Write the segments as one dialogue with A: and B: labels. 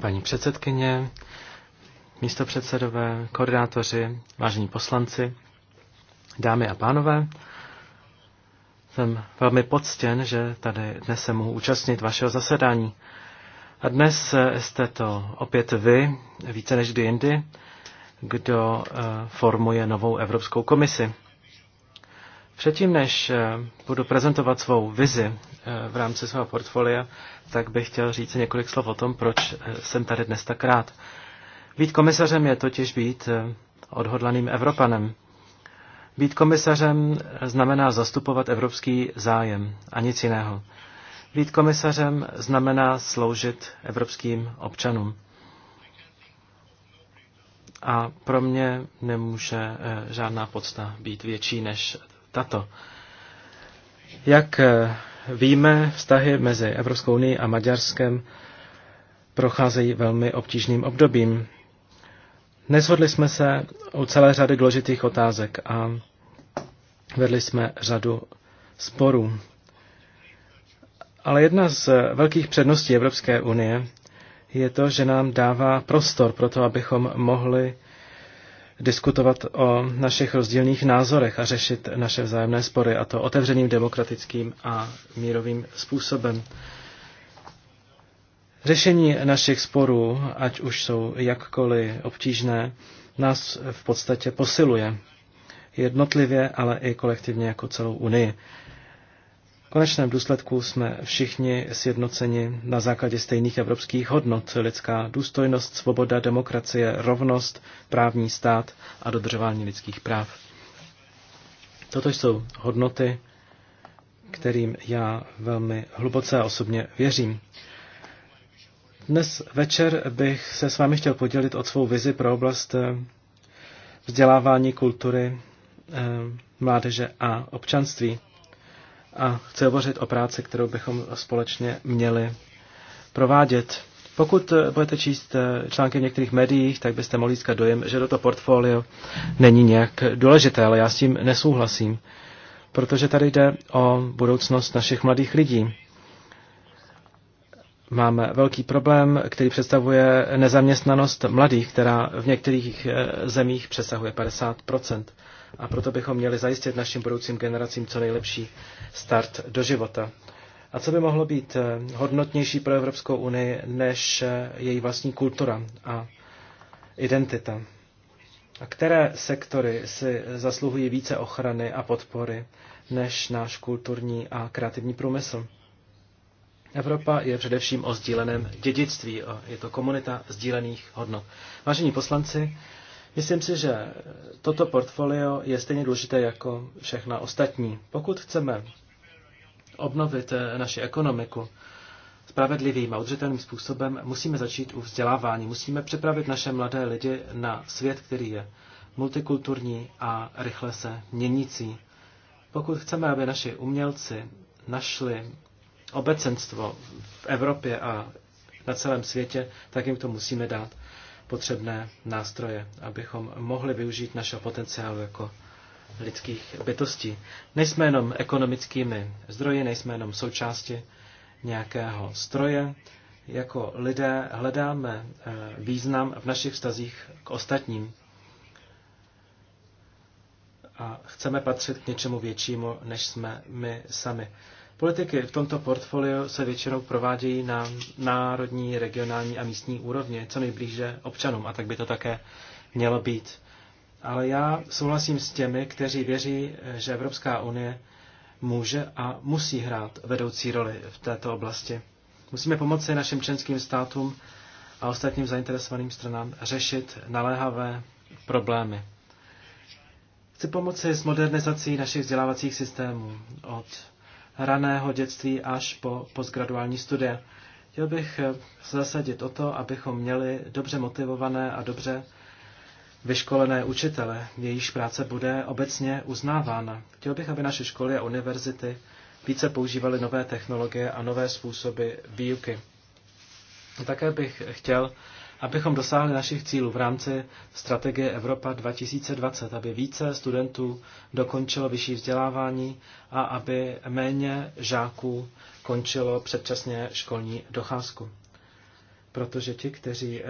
A: Paní předsedkyně, místopředsedové, koordinátoři, vážení poslanci, dámy a pánové, jsem velmi poctěn, že tady dnes se mohu účastnit vašeho zasedání. A dnes jste to opět vy, více než kdy jindy, kdo eh, formuje novou Evropskou komisi. Předtím, než eh, budu prezentovat svou vizi eh, v rámci svého portfolia, tak bych chtěl říct několik slov o tom, proč eh, jsem tady dnes tak rád. Být komisařem je totiž být odhodlaným Evropanem. Být komisařem znamená zastupovat evropský zájem a nic jiného. Být komisařem znamená sloužit evropským občanům. A pro mě nemůže žádná podsta být větší než tato. Jak eh, víme, vztahy mezi Evropskou unii a Maďarskem procházejí velmi obtížným obdobím. Nezhodli jsme se u celé řady důležitých otázek a vedli jsme řadu sporů. Ale jedna z velkých předností Evropské unie je to, že nám dává prostor pro to, abychom mohli diskutovat o našich rozdílných názorech a řešit naše vzájemné spory, a to otevřeným, demokratickým a mírovým způsobem. Řešení našich sporů, ať už jsou jakkoliv obtížné, nás v podstatě posiluje. Jednotlivě, ale i kolektivně jako celou Unii. V konečném důsledku jsme všichni sjednoceni na základě stejných evropských hodnot. Lidská důstojnost, svoboda, demokracie, rovnost, právní stát a dodržování lidských práv. Toto jsou hodnoty, kterým já velmi hluboce a osobně věřím. Dnes večer bych se s vámi chtěl podělit o svou vizi pro oblast eh, vzdělávání kultury, eh, mládeže a občanství a chci hovořit o práci, kterou bychom společně měli provádět. Pokud eh, budete číst eh, články v některých médiích, tak byste mohli získat dojem, že toto portfolio není nějak důležité, ale já s tím nesouhlasím, protože tady jde o budoucnost našich mladých lidí. Máme velký problém, který představuje nezaměstnanost mladých, která v některých eh, zemích přesahuje 50 a proto bychom měli zajistit našim budoucím generacím co nejlepší start do života. A co by mohlo být eh, hodnotnější pro Evropskou unii než eh, její vlastní kultura a identita? A které sektory si zasluhují více ochrany a podpory než náš kulturní a kreativní průmysl? Evropa je především o sdíleném dědictví, je to komunita sdílených hodnot. Vážení poslanci, Myslím si, že toto portfolio je stejně důležité jako všechna ostatní. Pokud chceme obnovit eh, naši ekonomiku spravedlivým a udržitelným způsobem, musíme začít u vzdělávání. Musíme připravit naše mladé lidi na svět, který je multikulturní a rychle se měnící. Pokud chceme, aby naši umělci našli obecenstvo v Evropě a na celém světě, tak jim to musíme dát potřebné nástroje, abychom mohli využít našeho potenciálu jako lidských bytostí. Nejsme jenom ekonomickými zdroji, nejsme jenom součásti nějakého stroje. Jako lidé hledáme eh, význam v našich vztazích k ostatním a chceme patřit k něčemu většímu, než jsme my sami. Politiky v tomto portfoliu se většinou provádějí na národní, regionální a místní úrovni, co nejblíže občanům, a tak by to také mělo být. Ale já souhlasím s těmi, kteří věří, že Evropská unie může a musí hrát vedoucí roli v této oblasti. Musíme pomoci našim členským státům a ostatním zainteresovaným stranám řešit naléhavé problémy. Chci pomoci s modernizací našich vzdělávacích systémů od raného dětství až po postgraduální studie. Chtěl bych eh, zasadit o to, abychom měli dobře motivované a dobře vyškolené učitele, jejichž práce bude obecně uznávána. Chtěl bych, aby naše školy a univerzity více používaly nové technologie a nové způsoby výuky. Také bych chtěl, abychom dosáhli našich cílů v rámci strategie Evropa 2020, aby více studentů dokončilo vyšší vzdělávání a aby méně žáků končilo předčasně školní docházku. Protože ti, kteří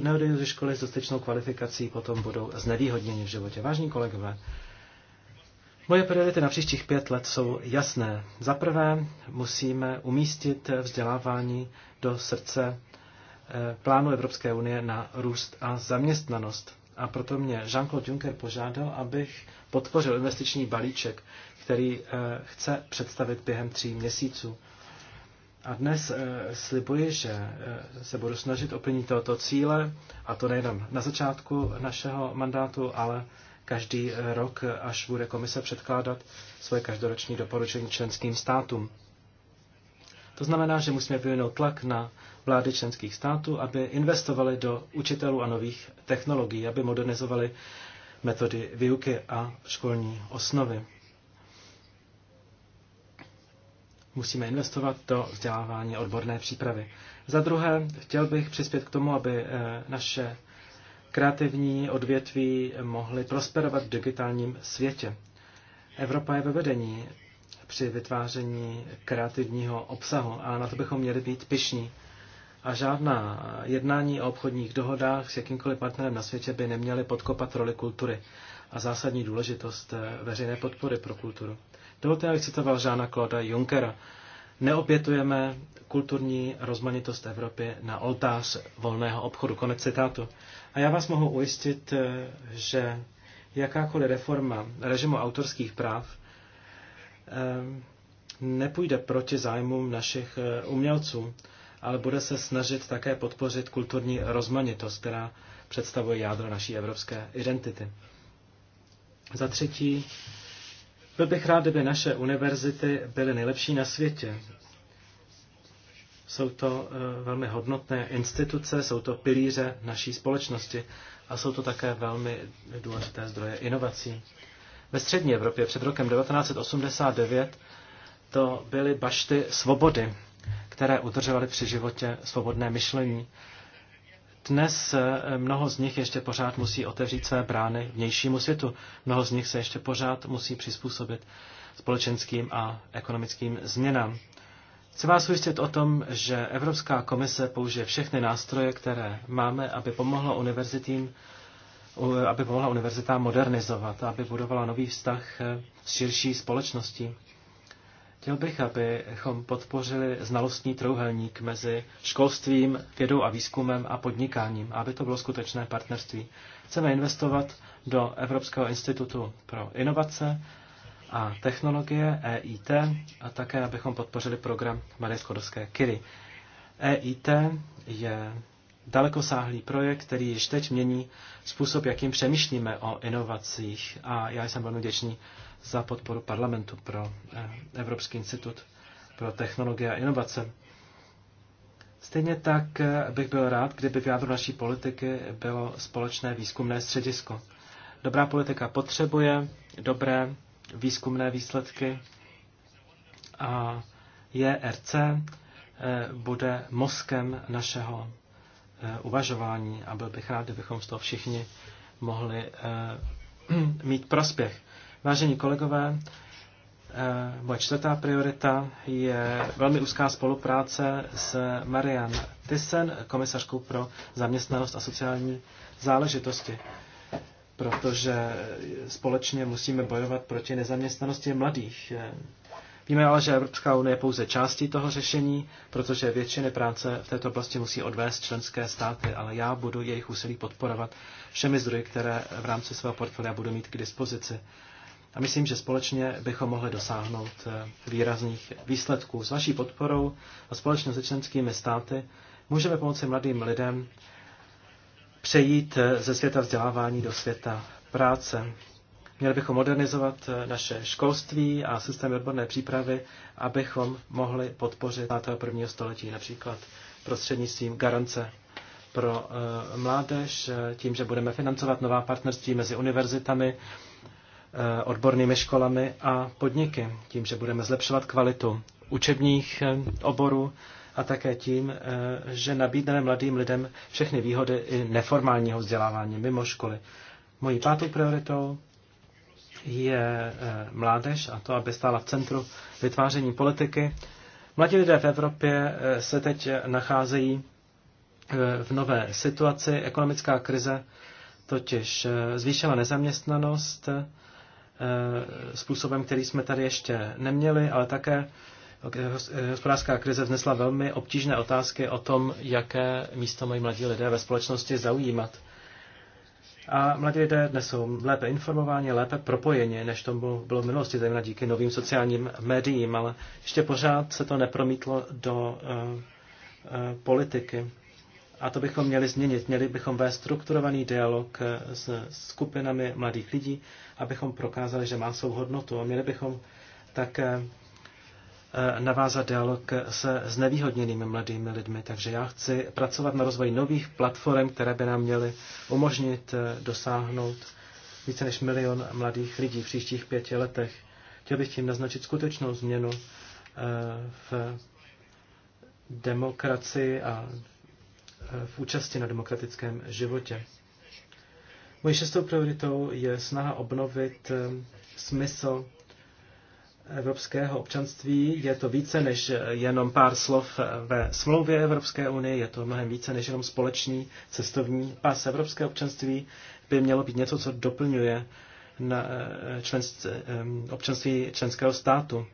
A: neodejdou ze školy s dostatečnou kvalifikací, potom budou znevýhodněni v životě. Vážní kolegové, Moje priority na příštích pět let jsou jasné. Za prvé musíme umístit vzdělávání do srdce Eh, plánu Evropské unie na růst a zaměstnanost. A proto mě Jean-Claude Juncker požádal, abych podpořil investiční balíček, který eh, chce představit během tří měsíců. A dnes eh, slibuji, že se budu snažit oplnit tohoto cíle, a to nejenom na začátku našeho mandátu, ale každý rok, až bude komise předkládat svoje každoroční doporučení členským státům. To znamená, že musíme vyvinout tlak na vlády členských států, aby investovali do učitelů a nových technologií, aby modernizovali metody výuky a školní osnovy. Musíme investovat do vzdělávání odborné přípravy. Za druhé, chtěl bych přispět k tomu, aby eh, naše kreativní odvětví mohly prosperovat v digitálním světě. Evropa je ve vedení při vytváření kreativního obsahu a na to bychom měli být pišní. A žádná jednání o obchodních dohodách s jakýmkoliv partnerem na světě by neměly podkopat roli kultury a zásadní důležitost eh, veřejné podpory pro kulturu. Dovolte, abych citoval Žána Kloda Junckera. Neopětujeme kulturní rozmanitost Evropy na oltář volného obchodu. Konec citátu. A já vás mohu ujistit, eh, že jakákoliv reforma režimu autorských práv Ehm, nepůjde proti zájmům našich eh, umělců, ale bude se snažit také podpořit kulturní rozmanitost, která představuje jádro naší evropské identity. Za třetí, byl bych rád, kdyby naše univerzity byly nejlepší na světě. Jsou to eh, velmi hodnotné instituce, jsou to pilíře naší společnosti a jsou to také velmi důležité zdroje inovací. Ve střední Evropě před rokem 1989 to byly bašty svobody, které udržovaly při životě svobodné myšlení. Dnes eh, mnoho z nich ještě pořád musí otevřít své brány vnějšímu světu. Mnoho z nich se ještě pořád musí přizpůsobit společenským a ekonomickým změnám. Chci vás ujistit o tom, že Evropská komise použije všechny nástroje, které máme, aby pomohla univerzitím aby pomohla univerzitám modernizovat, aby budovala nový vztah eh, s širší společností. Chtěl bych, abychom podpořili znalostní trouhelník mezi školstvím, vědou a výzkumem a podnikáním, aby to bylo skutečné partnerství. Chceme investovat do Evropského institutu pro inovace a technologie EIT a také, abychom podpořili program Marie Skodovské Kiry. EIT je dalekosáhlý projekt, který již teď mění způsob, jakým přemýšlíme o inovacích. A já jsem velmi vděčný za podporu parlamentu pro eh, Evropský institut pro technologie a inovace. Stejně tak eh, bych byl rád, kdyby v jádru naší politiky bylo společné výzkumné středisko. Dobrá politika potřebuje dobré výzkumné výsledky a JRC eh, bude mozkem našeho Eh, uvažování a byl bych rád, kdybychom z toho všichni mohli eh, mít prospěch. Vážení kolegové, eh, moje čtvrtá priorita je velmi úzká spolupráce s Marian Thyssen, komisařkou pro zaměstnanost a sociální záležitosti, protože společně musíme bojovat proti nezaměstnanosti mladých. Víme ale, že Evropská unie je pouze částí toho řešení, protože většiny práce v této oblasti musí odvést členské státy, ale já budu jejich úsilí podporovat všemi zdroji, které v rámci svého portfolia budu mít k dispozici. A myslím, že společně bychom mohli dosáhnout eh, výrazných výsledků. S vaší podporou a společně se členskými státy můžeme pomoci mladým lidem přejít eh, ze světa vzdělávání do světa práce. Měli bychom modernizovat eh, naše školství a systém odborné přípravy, abychom mohli podpořit 21. století, například prostřednictvím garance pro eh, mládež, eh, tím, že budeme financovat nová partnerství mezi univerzitami, odbornými školami a podniky, tím, že budeme zlepšovat kvalitu učebních oborů a také tím, že nabídneme mladým lidem všechny výhody i neformálního vzdělávání mimo školy. Mojí pátou prioritou je eh, mládež a to, aby stála v centru vytváření politiky. Mladí lidé v Evropě eh, se teď nacházejí eh, v nové situaci. Ekonomická krize totiž zvýšila nezaměstnanost způsobem, který jsme tady ještě neměli, ale také hospodářská krize vznesla velmi obtížné otázky o tom, jaké místo mají mladí lidé ve společnosti zaujímat. A mladí lidé dnes jsou lépe informováni, lépe propojeni, než to bylo v minulosti, zejména díky novým sociálním médiím, ale ještě pořád se to nepromítlo do uh, uh, politiky. A to bychom měli změnit. Měli bychom vést strukturovaný dialog eh, s skupinami mladých lidí, abychom prokázali, že má svou hodnotu. A měli bychom také Eh, navázat dialog se znevýhodněnými mladými lidmi. Takže já chci pracovat na rozvoji nových platform, které by nám měly umožnit eh, dosáhnout více než milion mladých lidí v příštích pěti letech. Chtěl bych tím naznačit skutečnou změnu eh, v demokracii a v účasti na demokratickém životě. Mojí šestou prioritou je snaha obnovit smysl evropského občanství je to více než jenom pár slov ve smlouvě Evropské unie, je to mnohem více než jenom společný cestovní pas. Evropské občanství by mělo být něco, co doplňuje na eh, členství, eh, občanství členského státu.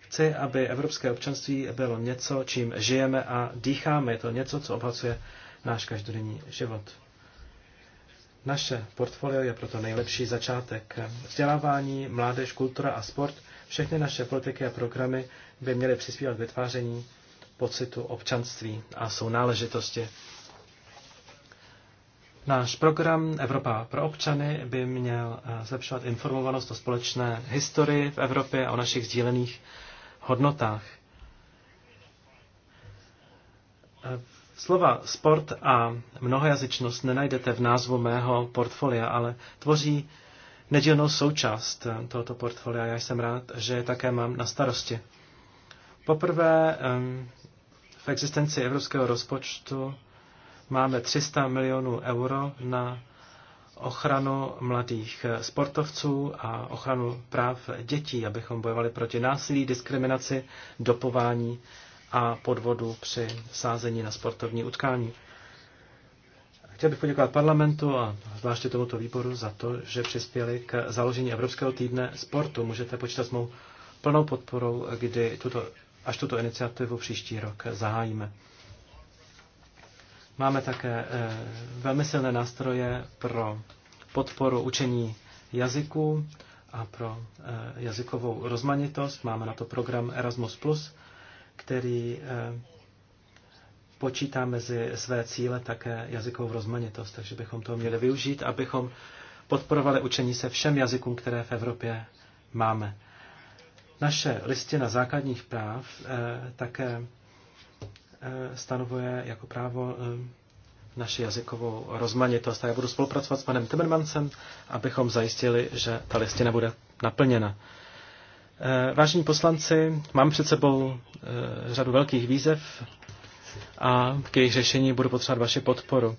A: Chci, aby evropské občanství bylo něco, čím žijeme a dýcháme. Je to něco, co obhacuje náš každodenní život. Naše portfolio je proto nejlepší začátek. Vzdělávání, mládež, kultura a sport – všechny naše politiky a programy by měly přispívat k vytváření pocitu občanství a sounáležitosti. Náš program Evropa pro občany by měl eh, zlepšovat informovanost o společné historii v Evropě a o našich sdílených hodnotách. Eh, slova sport a mnohojazyčnost nenajdete v názvu mého portfolia, ale tvoří nedílnou součást eh, tohoto portfolia. Já jsem rád, že je také mám na starosti. Poprvé v existenci evropského rozpočtu máme 300 milionů euro na ochranu mladých eh, sportovců a ochranu práv dětí, abychom bojovali proti násilí, diskriminaci, dopování a podvodu při sázení na sportovní utkání. Chtěl bych poděkovat parlamentu a zvláště tomuto výboru za to, že přispěli k založení Evropského týdne sportu. Můžete počítat s mou plnou podporou, kdy tuto, až tuto iniciativu příští rok zahájíme. Máme také eh, velmi silné nástroje pro podporu učení jazyků a pro eh, jazykovou rozmanitost. Máme na to program Erasmus+, který eh, počítá mezi své cíle také jazykovou rozmanitost, takže bychom to měli využít, abychom podporovali učení se všem jazykům, které v Evropě máme. Naše listina základních práv eh, také eh, stanovuje jako právo eh, naši jazykovou rozmanitost a já budu spolupracovat s panem Timmermansem, abychom zajistili, že ta listina bude naplněna. Eh, vážení poslanci, mám před sebou eh, řadu velkých výzev a k jejich řešení budu potřebovat vaši podporu.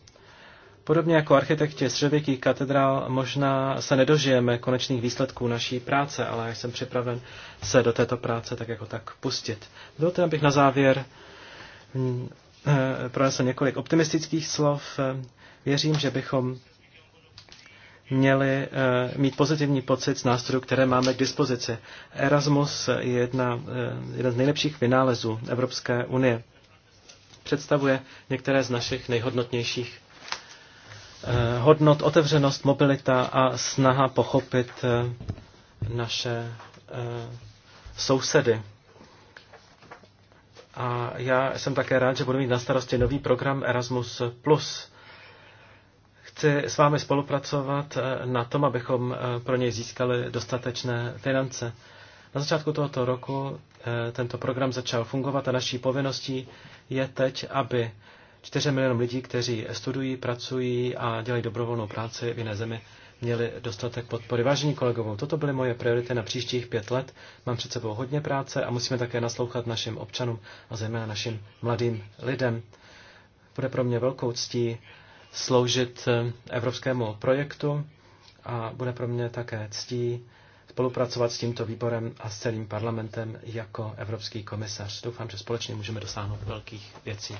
A: Podobně jako architekti středověkých katedrál možná se nedožijeme konečných výsledků naší práce, ale já jsem připraven se do této práce tak jako tak pustit. Dovolte, abych na závěr mm, eh, pronesl několik optimistických slov. Věřím, že bychom měli eh, mít pozitivní pocit z nástrojů, které máme k dispozici. Erasmus je jedna, eh, jeden z nejlepších vynálezů Evropské unie představuje některé z našich nejhodnotnějších eh, hodnot, otevřenost, mobilita a snaha pochopit eh, naše eh, sousedy. A já jsem také rád, že budu mít na starosti nový program Erasmus+. Chci s vámi spolupracovat na tom, abychom pro něj získali dostatečné finance. Na začátku tohoto roku eh, tento program začal fungovat a naší povinností je teď, aby 4 milionů lidí, kteří studují, pracují a dělají dobrovolnou práci v jiné zemi, měli dostatek podpory. Vážení kolegové, toto byly moje priority na příštích pět let. Mám před sebou hodně práce a musíme také naslouchat našim občanům a zejména našim mladým lidem. Bude pro mě velkou ctí sloužit eh, evropskému projektu a bude pro mě také ctí spolupracovat s tímto výborem a s celým parlamentem jako Evropský komisař. Doufám, že společně můžeme dosáhnout velkých věcí.